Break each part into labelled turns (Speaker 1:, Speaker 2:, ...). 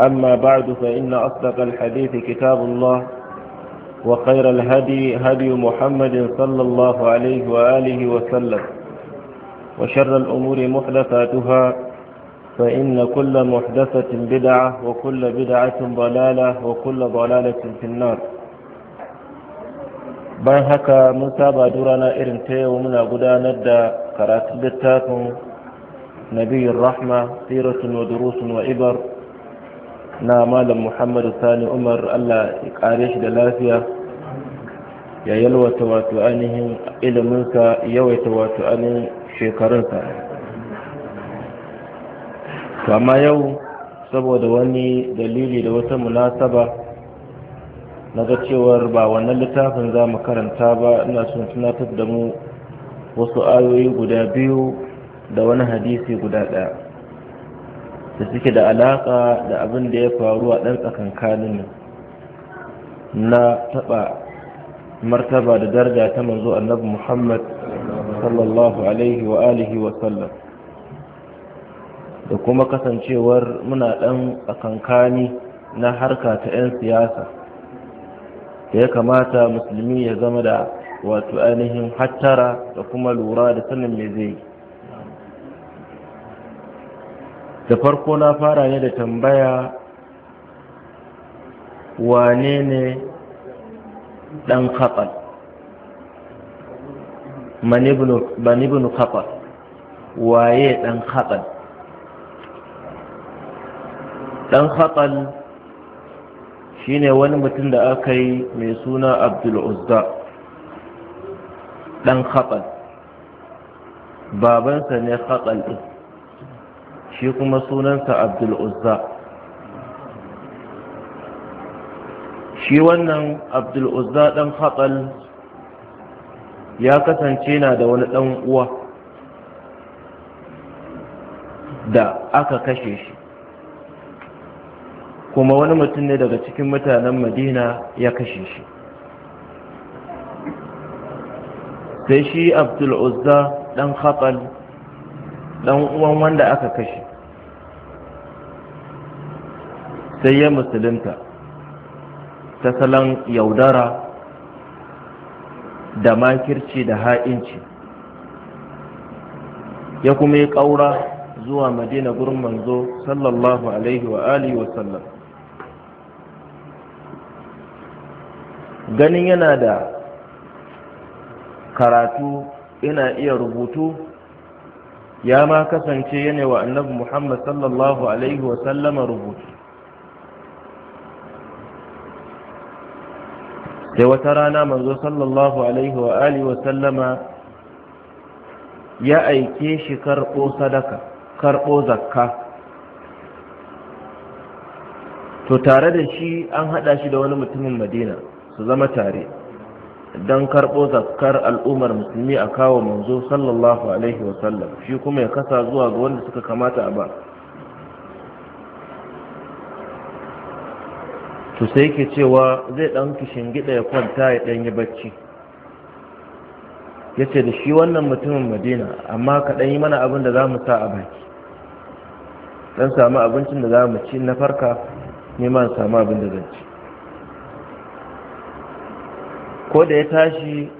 Speaker 1: أما بعد فإن أصدق الحديث كتاب الله وخير الهدي هدي محمد صلى الله عليه وآله وسلم وشر الأمور محدثاتها فإن كل محدثة بدعة وكل بدعة ضلالة وكل ضلالة في النار bayan haka mun دورنا إرنتي irin ta yau muna نبي الرحمة سيرة ودروس وإبر na malam muhammadu sani umar allah ya kare shi da lafiya ya yalwata wato ainihin iliminsa yawaita wato ainihin shekarunsa kama yau saboda wani dalili da wata munasaba na ga cewar ba wannan littafin za mu karanta ba ina son tunatar da mu wasu ayoyi guda biyu da wani hadisi guda ɗaya da suke da alaƙa da abin da ya faru a ɗan tsakankanin nan na taɓa martaba da daraja ta manzo annabi muhammad sallallahu alaihi wa alihi wa sallam da kuma kasancewar muna ɗan tsakankani na harka ta 'yan siyasa da ya kamata musulmi ya zama da wato ainihin hattara da kuma lura da sanin me zai yi da farko na fara ne da tambaya wane ne ɗan kaɓal manibinu kaɓal waye ɗan kaɓal ɗan kaɓal shine wani mutum da aka yi mai suna abdul uzza ɗan kaɓal babansa ne kaɓal ɗin shi kuma sunansa abdul uzza shi wannan abdul uzza dan haƙal ya kasance na da wani ɗan uwa da aka kashe shi kuma wani mutum ne daga cikin mutanen madina ya kashe shi sai shi abdul uzza dan haƙal dan uwan wanda aka kashe sai ya musulunta ta salon yaudara da makirci da ha'inci ya kuma yi ƙaura zuwa madina gurin manzo sallallahu alaihi wa alihi wa sallam ganin yana da karatu yana iya rubutu ya ma kasance yana wa annabi muhammad sallallahu alaihi wa sallama rubutu sai wata rana manzo sallallahu alaihi wa alihi wa sallama ya aike shi karɓo sadaka karɓo zakka to tare da shi an haɗa shi da wani mutumin madina su zama tare don karɓo zakkar al'ummar musulmi a kawo manzo sallallahu alaihi wasallam shi kuma ya kasa zuwa ga wanda suka kamata a ba to sai yake cewa zai ɗan gida ya kwanta ya ɗan yi bacci ya ce da shi wannan mutumin madina amma ka dan yi mana abin da za mu sa a baki ɗan samu abincin da za mu ci na farka neman samu abin da zan ci ko da ya tashi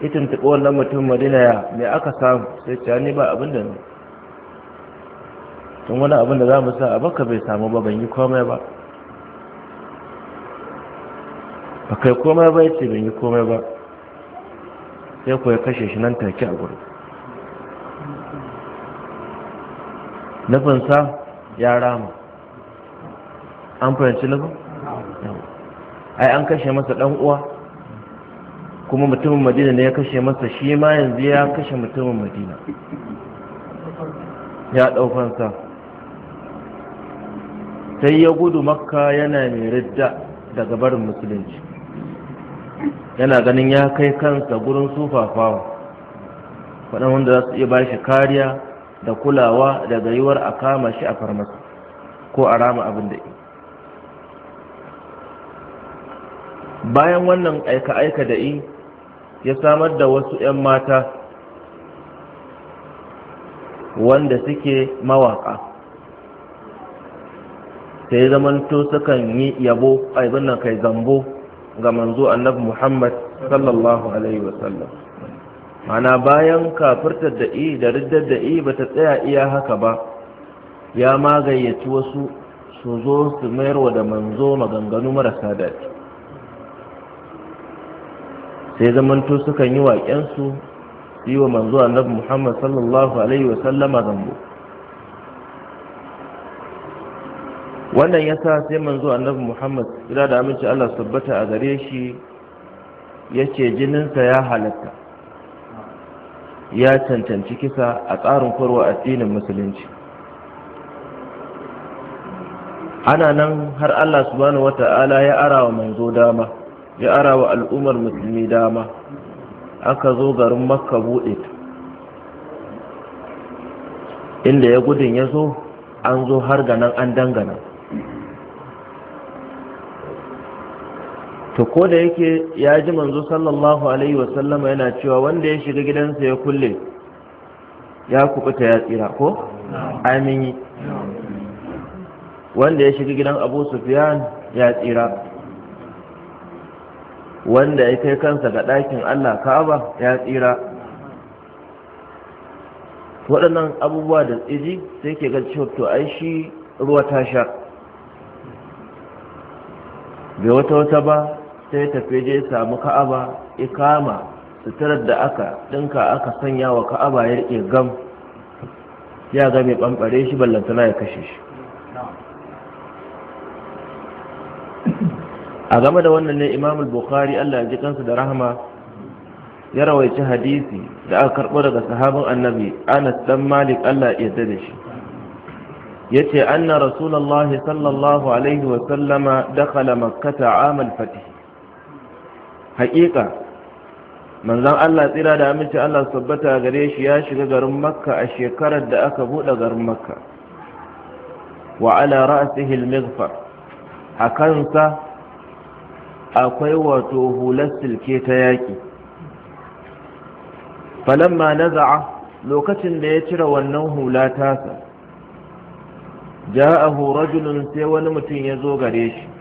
Speaker 1: itin tuntuɓi wannan mutumin madina ya mai aka samu sai ce ni ba abin da ne tun wani abin da za mu sa a baka bai samu ba ban yi komai ba ba kai komai ba yace ban yi komai ba sai ko ya kashe shi nan take a gurin nufinsa ya rama an fahimci nufin ai an kashe masa dan uwa kuma mutumin madina ne ya kashe masa shi ma yanzu ya kashe mutumin madina ya ɗaukansa sai ya gudu makka yana mai ridda daga barin musulunci yana ganin ya kai kansa gurin sufafawa faɗin wanda za su iya ba shi kariya da kulawa daga yiwuwar a kama shi a farmasa ko a rama abin da bayan wannan aika-aika da i ya samar da wasu 'yan mata wanda suke mawaka sai zamanto sukan yi yabo aibin nan kai zambo ga manzo annabi Muhammad sallallahu alaihi wasallam mana bayan kafirtar da i da riddar da i bata tsaya iya haka ba ya magayyaci wasu su zo su mayarwa da manzo maganganu marasa daɗi sai zamanto sukan yi waƙensu yi wa manzo annabi Muhammad sallallahu alaihi wasallama zambo wannan ya sa sai manzo annabi Muhammad ila da aminci Allah sabbata a gare shi ya ce jininsa ya halatta ya cancanci kisa a tsarin korwa addinin musulunci ana nan har Allah subhanahu Ta'ala ya ara wa manzo dama ya ara wa al'ummar musulmi dama aka zo garin makka buɗe inda ya gudun ya zo an zo har nan an dangana to ko da yake ya ji manzo sallallahu alaihi wasallama yana cewa wanda ya shiga gidansa ya kulle ya kubuta ya tsira ko amini wanda ya shiga gidan abu sufyan ya tsira wanda ya kai kansa ga ɗakin allah ka'aba ya tsira waɗannan abubuwa da tsiji sai ke ga cewa to ai shi ruwa ta sha bai wata wata ba sai tafi je samu ka'aba ikama kama suturar da aka ɗinka aka sanya wa ka'aba ya rike gam ya ga mai shi ballantana ya kashe shi a game da wannan ne imamul bukhari allah ya ji da rahama ya rawaici hadisi da aka karɓo daga sahabin annabi anas dan malik allah ya yarda da shi yace anna Rasulallah sallallahu alaihi wa sallama dakhala makkata amal fatih haƙiƙa manzan Allah tsira da aminci Allah tabbata gare shi ya shiga garin makka a shekarar da aka buɗe garin makka wa ala ra'sihi al a kansa akwai wato hular silke ta yaƙi falamma naza'a lokacin da ya cire wannan hula tasa ja'ahu rajulun sai wani mutum ya zo gare shi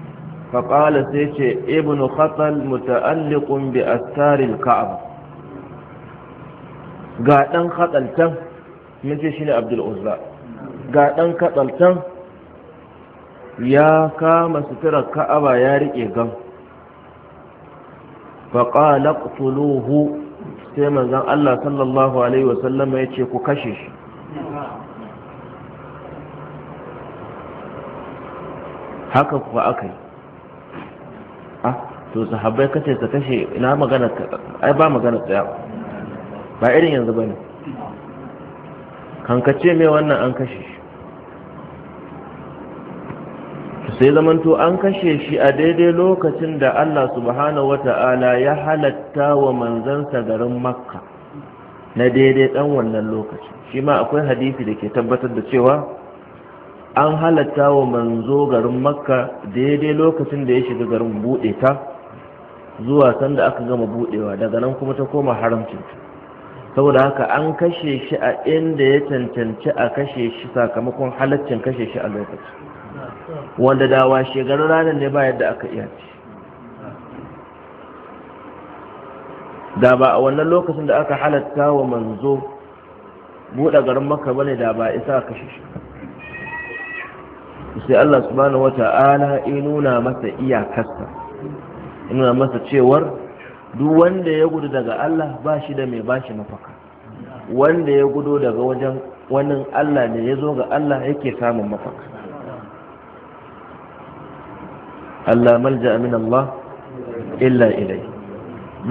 Speaker 1: faƙala sai ce ibnu khatal muta'alliqun bi astaril ka'aba ga ɗan khataltan mun ce shine abdul uzza ga dan khataltan ya kama suturar ka'aba ya riƙe gam faƙala qtuluhu sai manzon Allah sallallahu alaihi wasallam ya ce ku kashe shi haka kuwa aka yi to sahabbai kace ka kashe ina magana ai ba magana tsaya ba irin yanzu bane kace me wannan an kashe shi sai zaman zamanto an kashe shi a daidai lokacin da Allah subhanahu wata'ala ya halatta wa manzansa garin makka na daidai dan wannan lokacin shi ma akwai hadisi da ke tabbatar da cewa an halatta wa manzo garin makka daidai lokacin da ya shiga garin bude ta zuwa sanda aka gama budewa daga nan kuma ta koma haramcin saboda haka an kashe shi a inda ya cancanci a kashe shi sakamakon halaccin kashe shi a lokaci wanda dawa shekarun ranar ne ba yadda aka iya ci da ba a wannan lokacin da aka halatta wa manzo buɗe garin maka bane da ba isa kashe shi sai Allah subhanahu ta'ala ya nuna masa iyakarsa nuna masa cewar duk wanda ya gudu daga Allah ba shi da mai bashi mafaka wanda ya gudu daga wajen wani Allah ne ya zo ga Allah yake samun mafaka Allah malja amin Allah illa ilai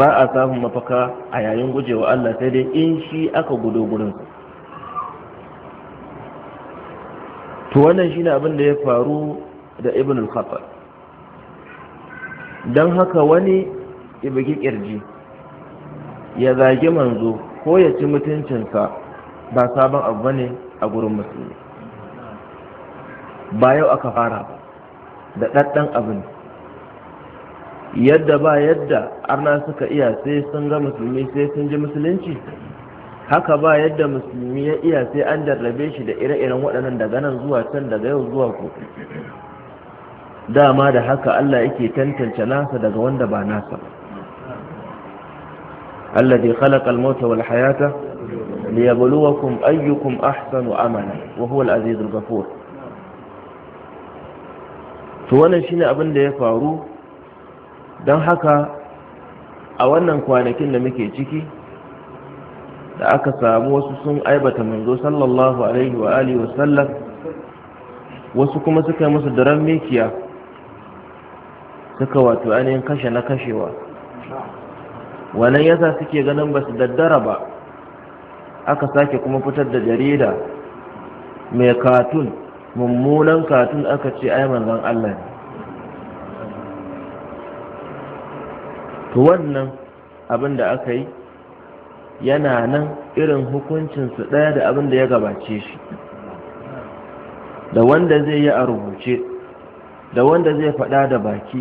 Speaker 1: ba a samun mafaka a yayin gujewa Allah sai dai in shi aka gudu gudun to wannan shine abin da ya faru da ibn al-khattab don haka wani ibigi kirji ya zagi manzo ko ya ci mutuncinsa ba sabon abu ne a gurin musulmi ba yau aka fara da ɗaɗɗan abin yadda ba yadda arna suka iya sai sun ga musulmi sai sun ji musulunci haka ba yadda musulmi ya iya sai an jarrabe shi da ire-iren waɗannan daga nan zuwa can daga yau zuwa ko dama da haka Allah yake tantance nasa daga wanda ba nasa Allah ya al-mauta wal hayata liyabluwakum ayyukum ahsanu amala wa huwa al-azizul ghafur to wannan shine abin da ya faru don haka a wannan kwanakin da muke ciki da aka samu wasu sun aibata manzo sallallahu alaihi wa alihi wasu kuma suka yi musu daren mikiya suka wato ainihin kashe na kashewa wannan yasa suke ganin ba su daddara ba aka sake kuma fitar da jarida mai katun mummunan katun aka ce ai manzon Allah ne to wannan abin da aka yi yana nan irin hukuncinsu ɗaya da abin da ya gabace shi da wanda zai yi a rubuce da wanda zai faɗa da baki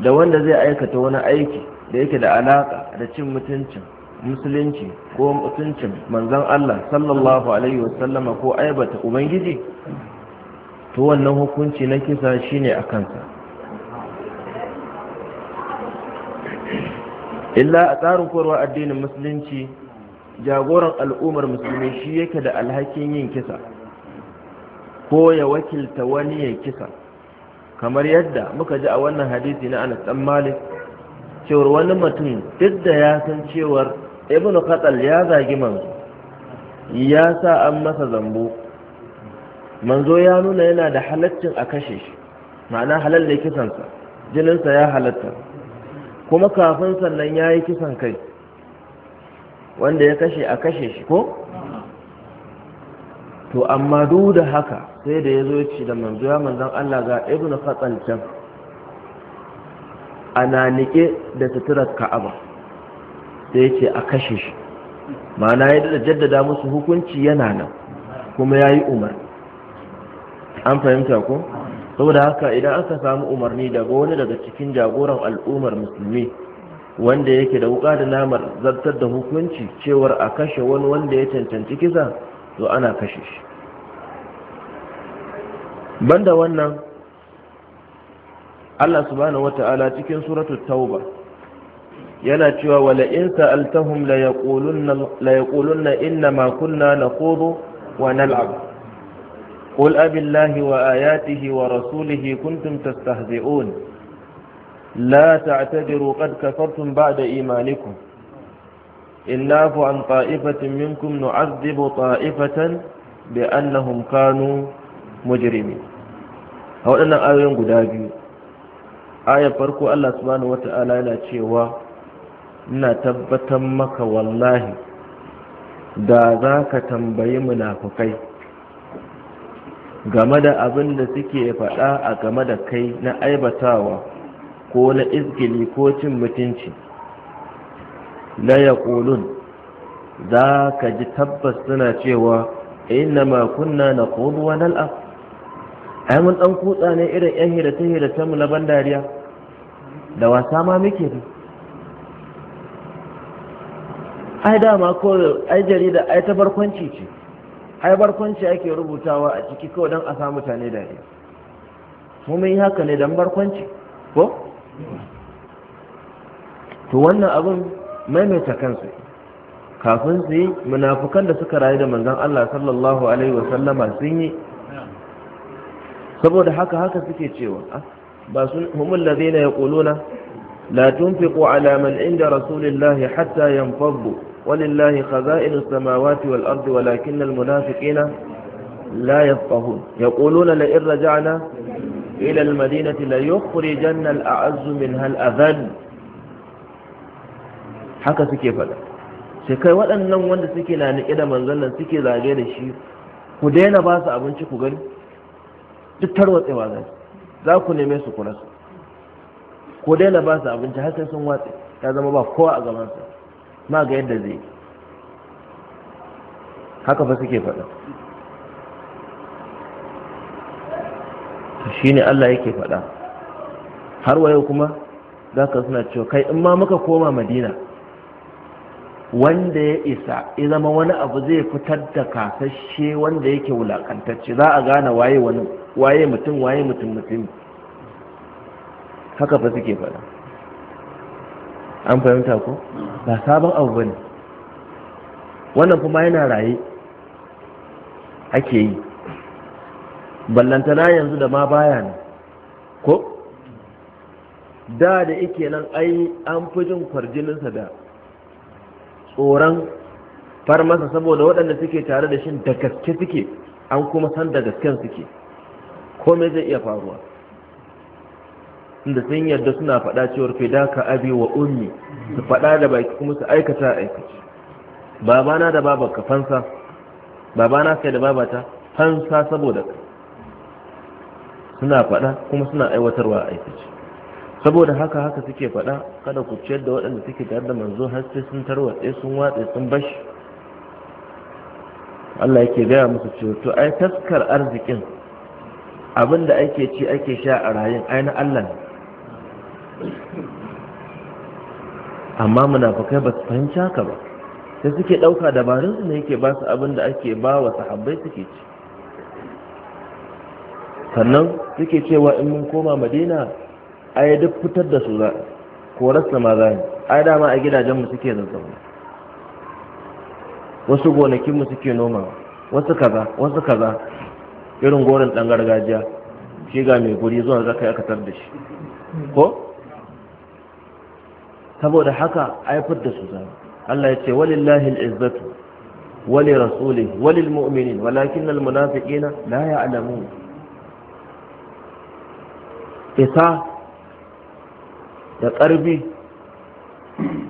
Speaker 1: da wanda zai aikata wani aiki da yake da alaka da cin mutuncin musulunci ko mutuncin manzon Allah sallallahu alaihi wasallama ko aibata ubangiji to wannan hukunci na kisa shine a kansa illa a tsarin korwa addinin musulunci jagoran al'ummar musulmi shi yake da alhakin yin kisa ko ya wakilta wani ya kisa kamar yadda muka ji a wannan hadisi na anas dan malik cewar wani mutum duk da ya san cewar ibnu qatal ya zagi manzo ya sa an masa zambo manzo ya nuna yana da halaccin a kashe shi ma'ana halal da kisansa jininsa ya halatta kuma kafin sannan yayi kisan kai wanda ya kashe a kashe shi ko to amma duk da haka sai da ya zo ya ce da manzo ya manzan Allah ga ibnu fatsal can ana nike da suturar ka'aba sai ce a kashe shi ma'ana ya da jaddada musu hukunci yana nan kuma ya yi umar an fahimta ko saboda haka idan aka samu umarni daga wani daga cikin jagoran al'ummar musulmi wanda yake da wuka da namar zartar da hukunci cewar a kashe wani wanda ya cancanci kisa to ana kashe shi banda wannan Allah subhanahu wata'ala cikin suratul tauba yana cewa wala in sa'altahum la yaqulunna inna ma kunna naqudu wa nal'ab قل أب الله وآياته ورسوله كنتم تستهزئون لا تعتذروا قد كفرتم بعد إيمانكم إن نعفو عن طائفة منكم نعذب طائفة بأنهم كانوا مجرمين أن آية قدابي آية فاركو الله سبحانه وتعالى لا تشيوا ina tabbatar maka wallahi da za ka tambayi munafukai game da abin da suke faɗa a game da kai na aibatawa ko na izgili ko cin mutunci la yaqulun za ka ji tabbas suna cewa inna ma kunna naqulu wa nal'a ai mun dan kutsa ne irin yan hira hira ta mu na bandariya da wasa ma muke ne ai dama ko ai jarida ai ta barkwanci ce ai barkwanci ake rubutawa a ciki kawai don a samu mutane dariya mu mun yi haka ne don barkwanci ko to wannan abin maimaita kansu kafin su yi munafukan da suka rayu da manzon Allah sallallahu alaihi wasallama sun yi saboda haka haka suke cewa ah, ba sun humul ladina yaquluna la tunfiqu ala man inda rasulillahi hatta yanfaddu walillahi khaza'inu samawati wal ardi walakinna al munafiqina la yafqahun yaquluna la in raja'na ila al madinati la yukhrijanna al a'azzu minha al adhall haka suke faɗa sai kai waɗannan wanda suke na niƙe da manzon nan suke zage da shi ku daina ba su abinci ku gani duk tarwatsewa za za ku neme su ku rasu ku daina ba su abinci har sai sun watsi ya zama ba kowa a su ma ga yadda zai haka fa suke faɗa shi ne Allah yake faɗa har wayo kuma za ka suna cewa kai in ma muka koma madina wanda ya isa ya zama wani abu zai fitar da kasashe wanda yake wulakantacce za a gane waye wani waye mutum waye mutum mutum haka fa suke faɗa an fahimta ko ba sabon abu bane wannan kuma yana raye ake yi ballantana yanzu da ma baya ne ko da da ike nan ai an fi jin kwarjininsa da tsoron farmasa saboda waɗanda suke tare da shin da gaske suke an kuma san da gasken suke komai zai iya faruwa inda sun yarda suna faɗa cewar daka abi wa ummi su faɗa da baki kuma su aikata aikaci babana da babanka fansa babana kai da babata fansa saboda suna faɗa kuma suna aiwatarwa aikaci saboda haka haka suke faɗa kada ku ciyar da waɗanda suke tare da manzo har sai sun tarwatse sun watse sun bashi Allah yake gaya musu cewa to ai taskar arzikin abinda ake ci ake sha a rayin ai na Allah ne amma munafukai ba su fahimci haka ba sai suke ɗauka dabarun su ne yake ba su abinda ake ba wa sahabbai suke ci sannan suke cewa in mun koma madina A yi duk fitar da su za korarsa ma za ne yi dama a gidajenmu suke zazzauna wasu gonakinmu suke noma wasu kaza wasu kaza irin gorin ɗan gargajiya shi ga mai guri zuwa za ka aka da shi ko saboda haka a yi fitar da su za Allah ya ce walillahi al'izzatu wali rasulih walil mu'minin walakin al munafiqina la ya'lamun isa da ƙarfi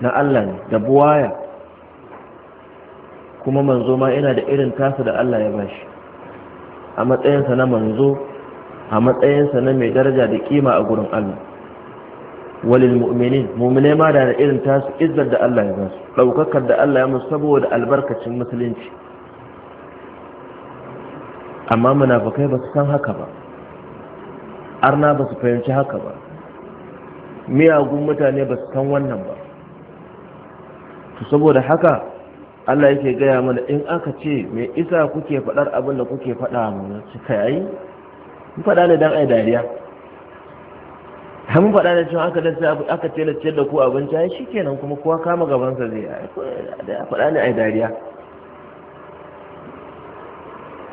Speaker 1: na Allah ne da buwaya kuma manzo ma yana da irin tasa da Allah ya bashi a matsayinsa na manzo a matsayinsa na mai daraja da kima a gurin Allah walil mu'minin mu'mine ma da irin tasu izzar da Allah ya basu daukakar da Allah ya musu saboda albarkacin musulunci amma munafikai ba su san haka ba arna ba su fahimci haka ba miyagun mutane ba su san wannan ba to saboda haka Allah yake gaya mana in aka ce me isa kuke faɗar abin da kuke faɗa mana suka yayi mun faɗa ne dan ai dariya mun faɗa ne cewa aka sai aka tilace da ku abinci ai shikenan kuma kowa kama gabansa zai ai faɗa ne ai dariya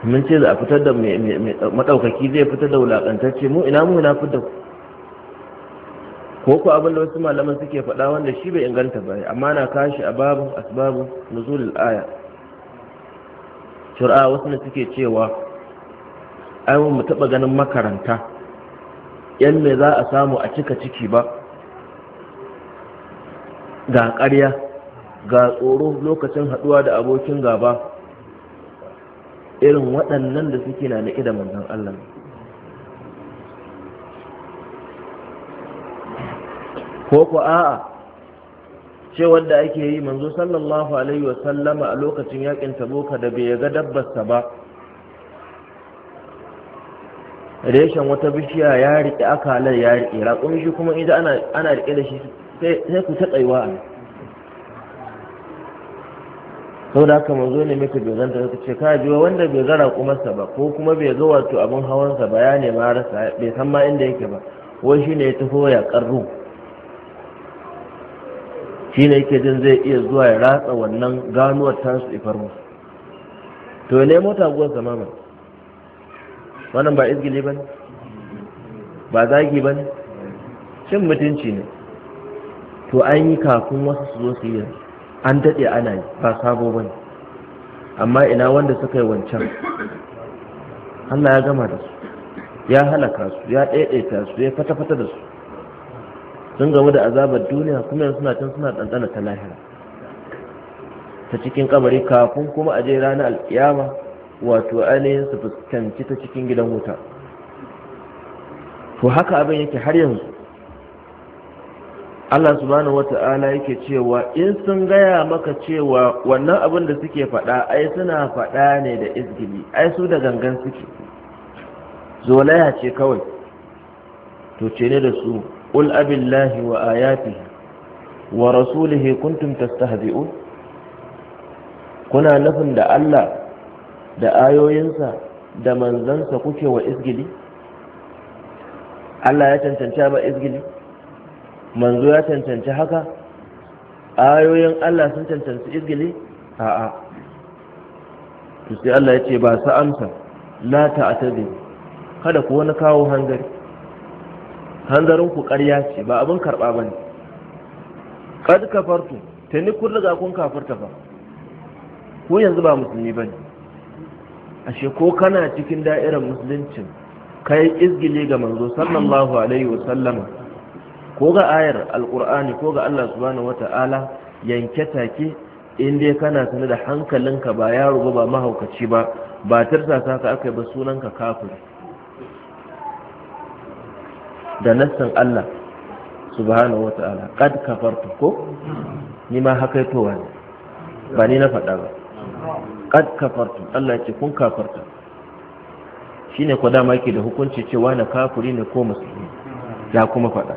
Speaker 1: mun ce za a fitar da madaukaki zai fitar da wulakantacce mu ina mu na fitar da ku ko ku abin da wasu malaman suke faɗa wanda shi bai inganta ba amma na kashi a babu asbabu nuzulul aya shari'a wasu ne suke cewa ai mu taɓa ganin makaranta yan me za a samu a cika ciki ba ga ƙarya ga tsoro lokacin haɗuwa da abokin gaba irin waɗannan da suke na da da manzon Allah ko ku a'a ce wanda ake yi manzo sallallahu alaihi wa sallama a lokacin yakin taboka da bai ga dabbarsa ba reshen wata bishiya ya riƙe akalar ya riƙe raƙon shi kuma idan ana ana riƙe da shi sai ku ta tsaiwa a sau da haka manzo ne maka bai zanta ka ce ka biyo wanda bai kuma sa ba ko kuma bai ga wato abin hawansa ba ya nema rasa bai san ma inda yake ba wai shine ya taho ya ƙarru shi ne yake jin zai iya zuwa ya ratsa wannan ganuwar tansu ifar musu to ne mota guwar zamama wannan ba izgili ba ne ba zagi ba ne cin mutunci ne to an yi kafin wasu su zo su yi an daɗe ana yi ba sabo ba ne amma ina wanda suka yi wancan Allah ya gama da su ya halaka su ya ɗaiɗaita su ya fata-fata da su sun gamu da azabar duniya kuma yanzu suna can suna ɗanɗana ta lahira ta cikin kamari kafin kuma a je ranar alƙiyama wato ainihin su fuskanci ta cikin gidan wuta to haka abin yake har yanzu Allah subhanahu Ta'ala yake cewa in sun gaya maka cewa wannan abin da suke faɗa ai suna faɗa ne da izgili ai su da gangan suke zolaya ce kawai to ce ne da su قل أبي الله وآياته ورسوله كنتم تستهزئون kuna nufin da Allah da ayoyinsa da manzansa kuke wa izgili Allah ya cancanci ba izgili manzo ya cancanci haka ayoyin Allah sun cancanci izgili a'a to sai Allah ya ce ba su amsa la ta'tadi kada ku wani kawo hangari hanzarin ku ƙarya ce ba abin karɓa ba ne kad kafartu tuni kun riga kun kafarta ba ko yanzu ba musulmi ba ne ashe ko kana cikin da'irar musuluncin kai izgile ga manzo sallallahu alaihi wa sallama ko ga ayar alqur'ani ko ga Allah subhanahu wata'ala yanke take in dai kana sanar da hankalinka ba yaro ba ba mahaukaci ba ba tirsa ka akai ba sunanka kafin. da nassan Allah subhanahu wa ta'ala kad kafartu ko ni ma haka towa ne ba ni na faɗa ba kad kafartu Allah ya ce kun kafarta shine ko dama yake da hukunci cewa na kafiri ne ko musulmi ya kuma faɗa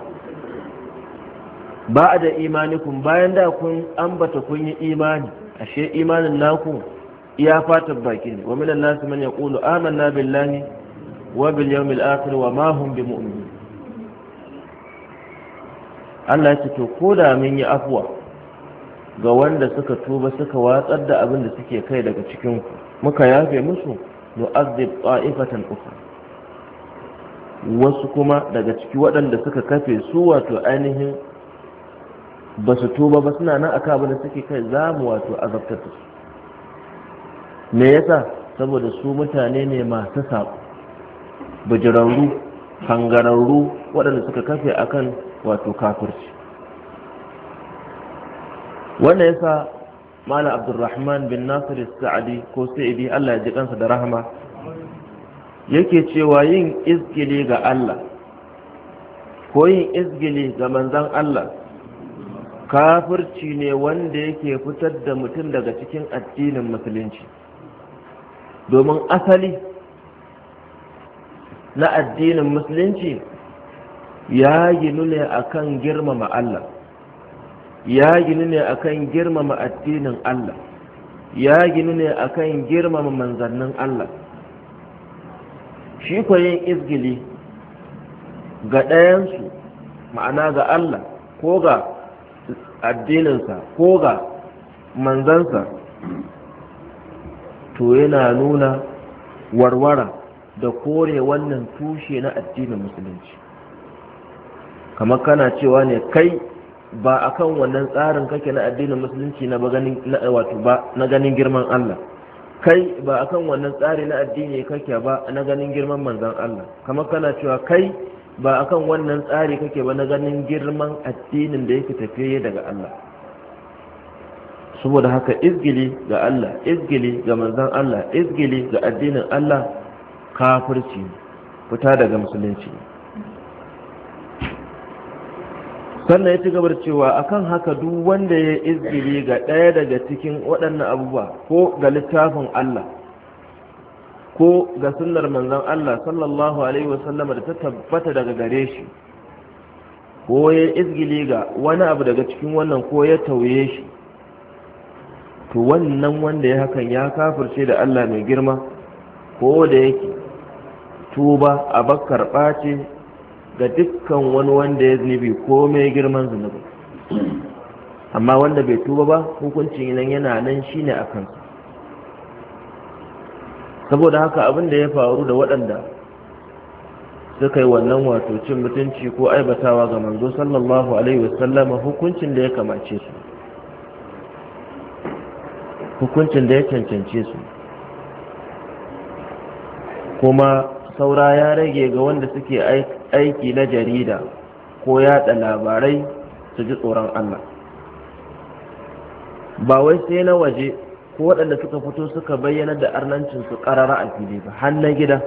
Speaker 1: ba da imanikum bayan da kun ambata kun yi imani ashe imanin naku iya fatan baki ne wa minan nasu man yaqulu amanna billahi wa bil yawmil akhir wa ma hum bimu'minin Allah ya ce to ko da mun yi afuwa ga wanda suka tuba suka watsar da abin da suke kai daga cikin muka yafe musu nu'azzib qa'ifatan ukhra wasu kuma daga ciki waɗanda suka kafe su wato ainihin ba su tuba ba suna nan aka abin da suke kai za mu wato azabtar da su me yasa saboda su mutane ne masu saƙo bijirarru hangararru waɗanda suka kafe akan wato kafirci wannan yasa mala abdurrahman bin nasir sa'adi ko sa'idi Allah ya ji kansa da rahama yake cewa yin izgili ga Allah ko yin izgili ga manzan Allah kafirci ne wanda yake fitar da mutum daga cikin addinin musulunci domin asali na addinin musulunci ya ginu ne akan girmama Allah ya ginu ne akan girmama addinin Allah ya ginu ne akan girmama manzannin Allah shi yin izgili ga ɗayansu ma'ana ga Allah ko ga addininsa ko ga manzansa to yana nuna warwara da kore wannan tushe na addinin musulunci kamar kana cewa ne kai ba akan wannan tsarin kake na addinin musulunci na ba na ganin girman Allah kai ba akan wannan tsari na addini kake ba na ganin girman manzan Allah kamar kana cewa kai ba akan wannan tsari kake ba na ganin girman addinin da yake tafiye daga Allah saboda haka izgili ga Allah izgili ga manzan Allah izgili ga addinin Allah kafirci fita daga musulunci sannan ya ci gaba cewa akan haka duk wanda ya izgiri ga ɗaya daga cikin waɗannan abubuwa ko ga littafin Allah ko ga sunnar manzon Allah sallallahu alaihi wasallam da ta tabbata daga gare shi ko ya izgiri ga wani abu daga cikin wannan ko ya tauye shi to wannan wanda ya hakan ya kafirce da Allah mai girma ko da yake tuba a bakkar ɓace ga dukkan wani wanda ya zunubi ko mai girman zunubi amma wanda bai tuba ba hukuncin nan yana nan shi ne a kansu. saboda haka abin da ya faru da waɗanda suka yi wannan wato cin mutunci ko aibatawa ga manzo sallallahu alaihi wasallam hukuncin da ya kamace su hukuncin da ya cancance su kuma saura ya rage ga wanda suke aiki na jarida ko yada labarai su ji tsoron Allah ba wai sai na waje ko waɗanda suka fito suka bayyana da arnancin su ƙarara a fili ba har na gida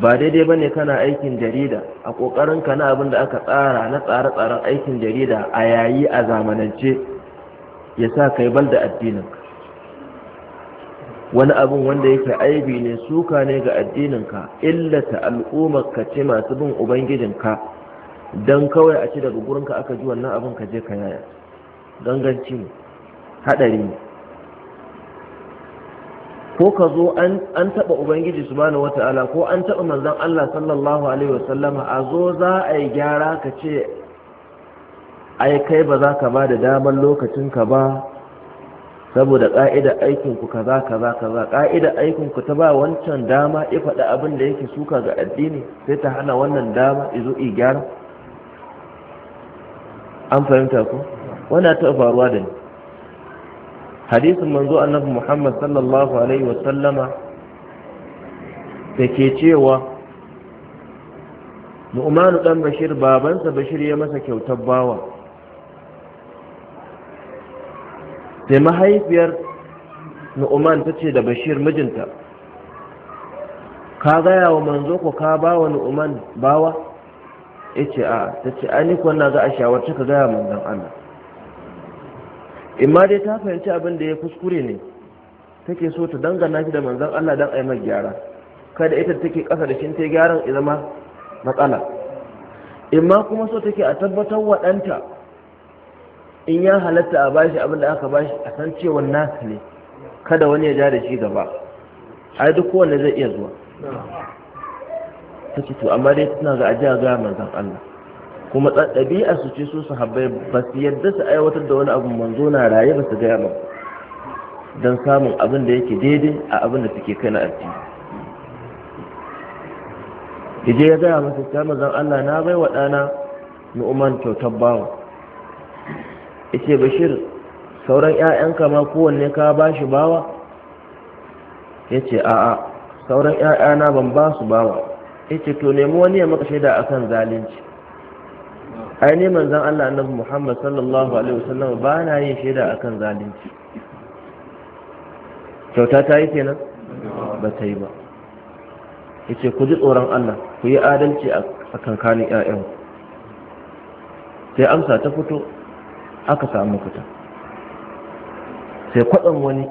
Speaker 1: ba daidai ba ne kana aikin jarida a ƙoƙarin ka na abin da aka tsara na tsare-tsaren aikin jarida a yayi a zamanance ya sa kai balda da addininka wani abin wanda yake aibi ne suka ne ga addininka illata ka ce masu bin ubangijinka don kawai a ci daga gurinka aka ji wannan abin ka je ka yaya ganganci ne haɗari ne ko ka zo an taɓa ubangiji su subhanahu wata'ala ko an taɓa manzon Allah sallallahu alaihi wasallama a zo za a yi gyara ka ce ai kai ba za ka ba da damar lokacinka ba saboda ƙa'idar aikinku kaza kaza kaza ƙa'idar aikinku ta ba wancan dama ya faɗi abin da yake suka ga addini sai ta hana wannan dama izo i gyara an fahimta ku wannan ta faruwa da ni hadisin manzo annabi muhammad sallallahu alaihi wa sallama da ke cewa nu'manu dan bashir babansa bashir ya masa kyautar bawa sai mahaifiyar nu'uman ta ce da bashir mijinta ka gaya wa manzo ko ka ba wa nu'uman bawa ya ce a ta ce a nikon na za a shawarci ka gaya Manzan allah imma dai ta fahimci abin da ya kuskure ne take so ta dangana shi da Manzan allah don a yi mai gyara kada ita take kasa da shi ta gyaran ya zama matsala imma kuma so take a tabbatar wa ɗanta in ya halatta a bashi abin da aka bashi a san cewa nasa ne kada wani ya ja da shi gaba ai duk wanda zai iya zuwa ta to amma dai suna ga ajiya ga manzon Allah kuma ɗabi'a su ce su sahabbai ba su yadda su aiwatar da wani abu manzo na raye ba su gaya ba don samun abin da yake daidai a abin da suke kai na ya je ya gaya masa ta zan Allah na bai wa ɗana nu'uman kyautar bawa yace bashir sauran ƴaƴanka ma kowanne ka ba shi bawa yace a'a sauran ƴaƴana ban ba su bawa yace to nemi wani ya maka shaida akan zalunci ai ne manzon Allah annabi Muhammad sallallahu alaihi wasallam ba na yin shaida akan zalunci kyauta ta yi kenan ba ta yi ba yace ku ji tsoron Allah ku yi adalci a kankanin ƴaƴanku sai amsa ta fito aka samu fita sai kwaɗan wani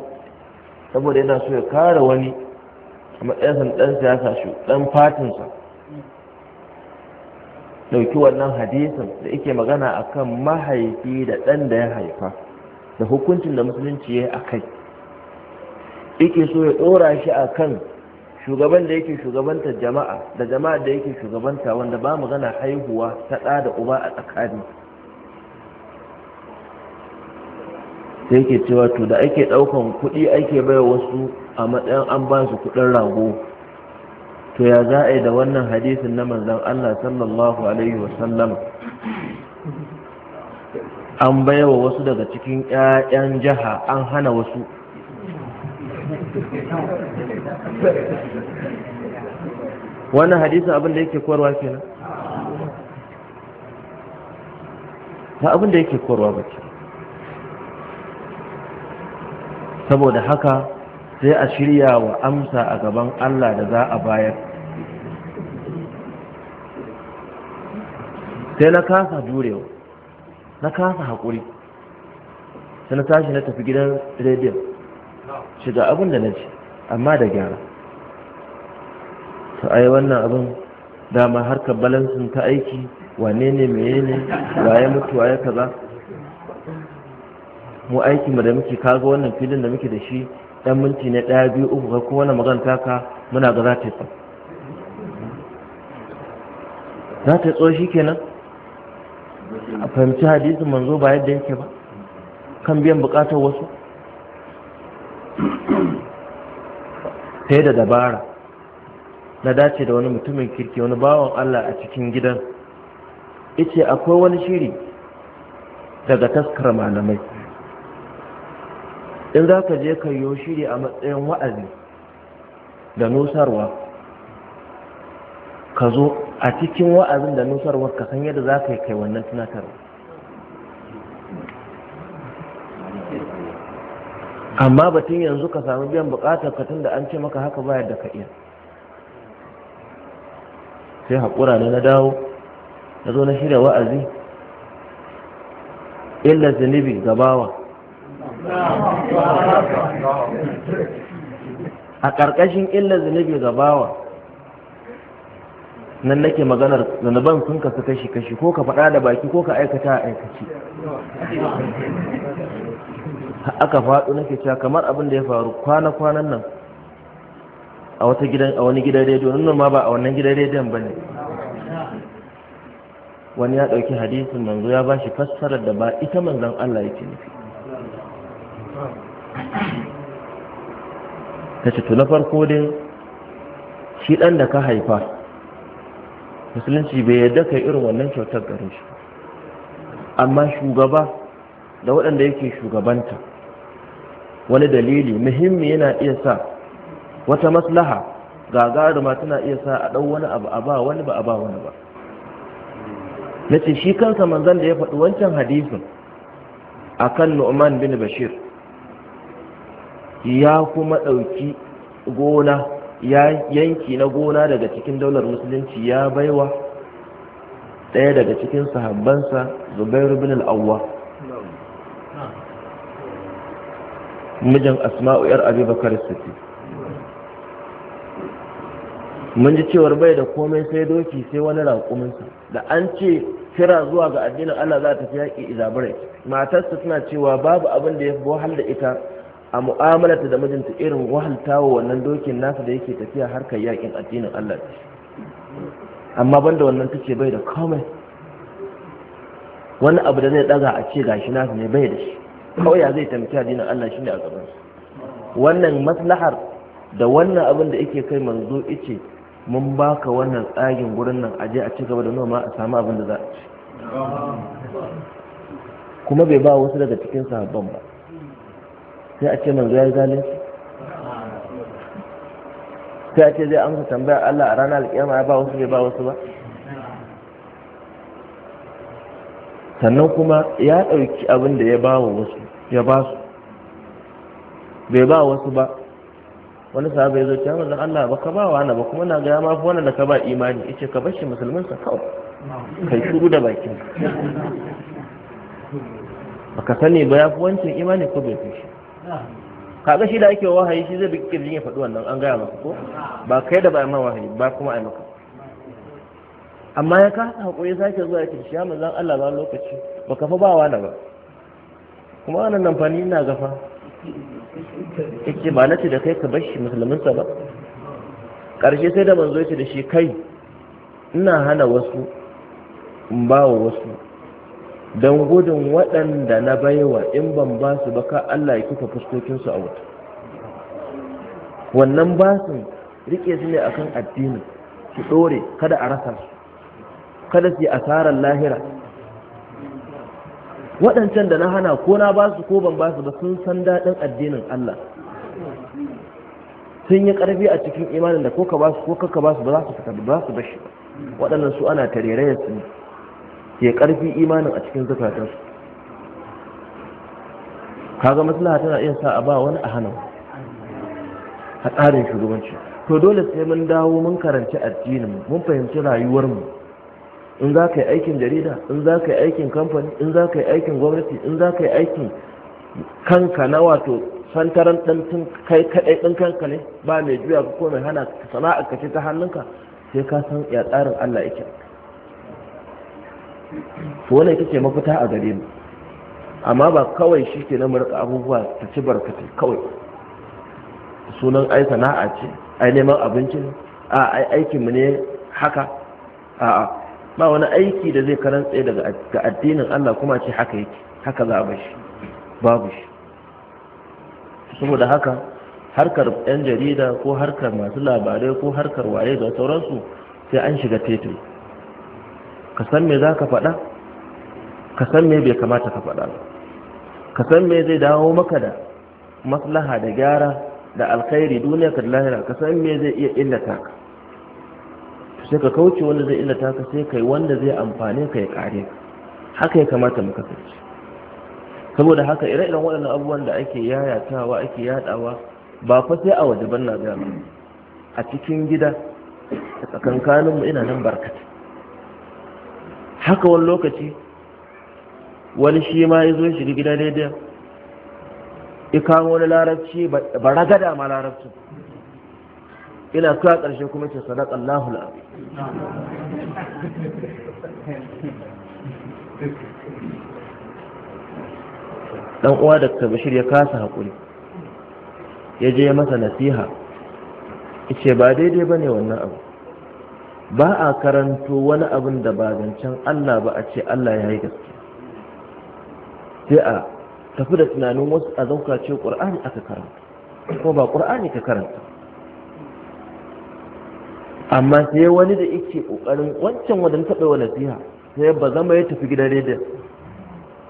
Speaker 1: saboda yana so ya kare wani a matsayin ɗan siyasa shi ɗan fatinsa ɗauki wannan hadisin da yake magana a kan mahaifi da ɗan da ya haifa da hukuncin da musulunci ya yi a kai yake so ya ɗora shi a kan shugaban da yake shugabanta jama'a da jama'a da yake shugabanta wanda ba magana haihuwa ta ɗa da uba a tsakani sai ke cewa to da ake ɗaukan kuɗi ake bai wasu a matsayin an ba su kuɗin rago to ya za a yi da wannan hadisin na manzan Allah sallallahu alaihi wasallam an baiwa wasu daga cikin 'ya'yan jiha an hana wasu wannan hadisin abin da yake korwa kenan ba abin da yake korwa ba kenan saboda haka sai a shirya wa amsa a gaban Allah da za a bayar sai na kasa jurewa na kasa haƙuri sai na tashi na tafi gidan rediyo shiga abin da na ce amma da gyara ta ai wannan abin dama harkar balansun ta aiki wane ne mene ne waye mutuwa ya kaza mu aiki da muke kaga wannan filin da muke da shi dan minti na ɗaya biyu uku ga kowane magana ka muna ga za ta tso za ta tso shi kenan a fahimci hadisin manzo ba yadda yake ba kan biyan bukatar wasu sai da dabara na dace da wani mutumin kirki wani bawan Allah a cikin gidan ice akwai wani shiri daga taskar malamai in za ka je ka yi shiri a matsayin wa'azi da nusarwa ka zo a cikin wa'azin da nusarwa ka san yadda za ka yi kai wannan tunatarwa amma batun yanzu ka sami biyan bukatar ka tun da an ce maka haka bayar da ka iya sai haƙura ne na dawo na zo na shirya wa'azi illa zunubi gabawa a ƙarƙashin illar zunubi ga bawa nan nake maganar zunuban sun kasu kashi-kashi ko ka faɗa da baki ko ka aikata a aikaci aka faɗo nake cewa kamar abin da ya faru kwana-kwanan nan a wata gidan a wani gidan rediyo nan ma ba a wannan gidan rediyon ba ne wani ya ɗauki hadisin manzo ya ba shi fassarar da ba ita manzon Allah yake nufi ta ce na farko dai shi ɗan da ka haifa musulunci bai yadda ka irin wannan kyautar gare shi amma shugaba da waɗanda yake shugabanta wani dalili muhimmi yana iya sa wata maslaha gagaruma tana iya sa a ɗau wani abu a ba wani ba a ba wani ba na ce shi kansa manzan da ya faɗi wancan hadisin a kan nu'man bin bashir ya kuma ɗauki gona ya yanki na gona daga cikin daular musulunci ya baiwa ɗaya daga cikin sahabbansa zubairu bin al'awwa mijin asma'u yar abubakar siti mun ji cewar bai da komai sai doki sai wani raƙuminsa da an ce kira zuwa ga addinin allah za ta fi yaƙi izabirai matarsa tana cewa babu abin da ya fi wahal da ita a mu'amalarta da mijinta irin wahaltawa wannan dokin nasa da yake tafiya harkar yakin addinin Allah ce amma banda wannan take bai da komai wani abu da zai daga a ce gashi nasa ne bai da shi kawai ya zai taimaki addinin Allah shine a gaban wannan maslahar da wannan abin da yake kai manzo ice mun baka wannan tsagin gurin nan aje a ci gaba da noma a samu abin da za a ci kuma bai ba wasu daga cikin sahabban ba sai a ce manzo ya yi zalunci sai a ce zai amsa tambaya Allah a ranar alƙiyama ya ba wasu bai ba wasu ba sannan kuma ya ɗauki abin da ya ba wa wasu ya ba su bai ba wasu ba wani bai zo ta manzon Allah ba ka ba wa na ba kuma na ga ya mafi wani da ka ba imani yace ka bar shi musulmin sa kawai kai shuru da bakin ka sani ba ya fi wancan imani ko bai fi shi kaga shi da ake wahayi shi zai bikin kirjin ya faɗi wannan an gaya maka ko ba kai da ba ma wahayi ba kuma ai maka amma ya kasa hakuri sake zuwa ya shi, ya zan Allah ba lokaci ba ka fa ba wani ba kuma wannan nan fani ina gafa yake ba nace da kai ka bar shi musulminsa ba karshe sai da manzo yace da shi kai ina hana wasu in ba wa wasu don gudun waɗanda na baiwa in ban ba su ba ka Allah ya kifa fuskokinsu a wuta wannan su rike su ne akan addini su ɗore kada a rasa su kada su yi asarar lahira waɗancan da na hana ko na ba su ko ban ba su ba sun san daɗin addinin Allah sun yi ƙarfi a cikin imanin da ko ka ba su ko ka ba su ba za su fita ba su bashi waɗannan su ana tarere su ne Ke karfi imanin a cikin zukatansu kaga maslaha tana iya sa a ba wani a hana a tsarin shugabanci to dole sai mun dawo mun karanci addinin mun fahimci rayuwarmu in za ka yi aikin jarida in za ka yi aikin kamfani in za ka yi aikin gwamnati in za ka yi aikin kanka na wato santaran ɗantin kai kaɗai ɗin kanka ne ba mai juya ko mai hana sana'a ka ce ta hannunka sai ka san ya tsarin allah yake to ita ce mafita a gare mu amma ba kawai shi ke na murka abubuwa ta ci barkatai kawai sunan ai sana'a ce ai neman abinci ne a ai aikin mu ne haka a ba wani aiki da zai karan tsaye daga addinin Allah kuma ce haka yake haka za a shi babu shi saboda haka harkar yan jarida ko harkar masu labarai ko harkar waye da sauransu sai an shiga tetai ka san me za ka faɗa ka san me bai kamata ka faɗa ba ka san me zai dawo maka da maslaha da gyara da alkhairi duniya ka da lahira ka san me zai iya illata ka sai ka kauce wanda zai illata ka sai kai wanda zai amfane ka ya kare ka haka ya kamata mu kasance saboda haka ire-iren waɗannan abubuwan da ake yayatawa ake yadawa ba fa sai a waje ban na gama a cikin gida a mu ina nan barkata haka wani lokaci wani shi ma ya zo shi gida daidai ya kawo wani larabci ba ragada ma larabci. ina kuwa ƙarshe kuma ce sadaka Allahu la'abi dan uwa da bashir ya kasa haƙuri ya je masa nasiha ice ba daidai ba ne wannan abu ba a karanto wani abin da ba zancen Allah ba a ce Allah ya yi gaske sai a tafi da tunanin wasu a zauka ce ƙur'ani aka karanta ko ba ƙur'ani ka karanta amma sai wani da yake ƙoƙarin wancan wadan taɓa wa nasiha sai ba zama ya tafi gidan rediyon